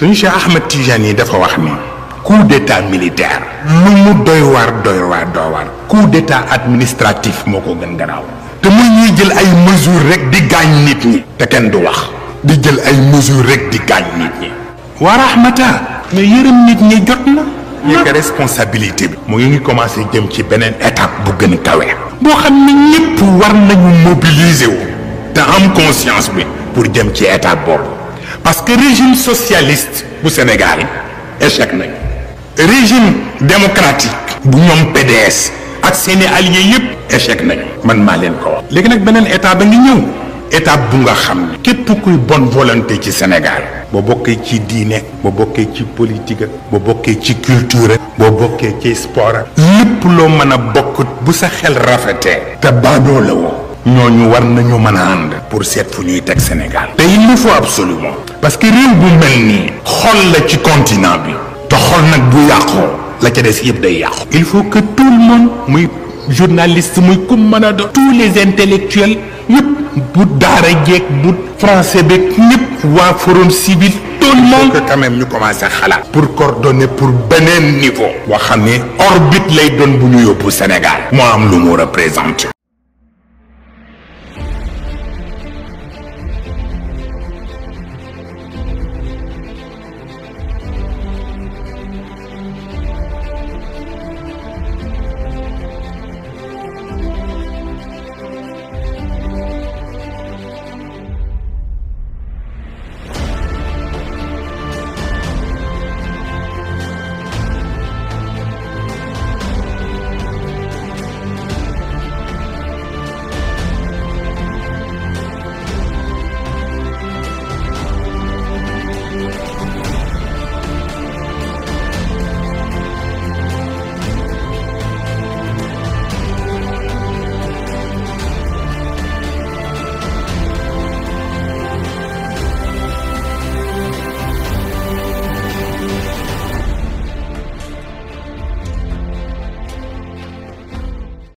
suñu Ahmed Tijani dafa wax coup d'état militaire lu mu doy coup d'état administratif moo gën garaaw te mesures rek di gaañ nit ñi te du wax di jël ay mesures rek di nit ñi rahmata mais yërëm nit ñi jot na ah. responsabilité ngi commencé ci étape bu gën kawe ne war mobiliser wu te conscience bi pour jëm ci étape parce que régime socialiste bu Sénégal échec nañ régime démocratique bu ñoom PDS ak seeni alliés yëpp échec nañ man maa leen ko wax léegi nag beneen état ba ngi ñëw état bu nga xam ne képp kuy bon volonté ci Sénégal boo bokkee ci diine boo bokkee ci politique boo bokkee ci culture boo bokkee ci sport lépp loo mën a bokkut bu sa xel rafetee te baadoo la woo Nous war pour cette fu au Sénégal Et il nous faut absolument parce que rien ne nous continent bi to xol la il faut que tout le monde muy journaliste tous les intellectuels français forum civil tout le monde que quand même pour coordonner pour benen niveau wa orbite Sénégal Moi, am lu représente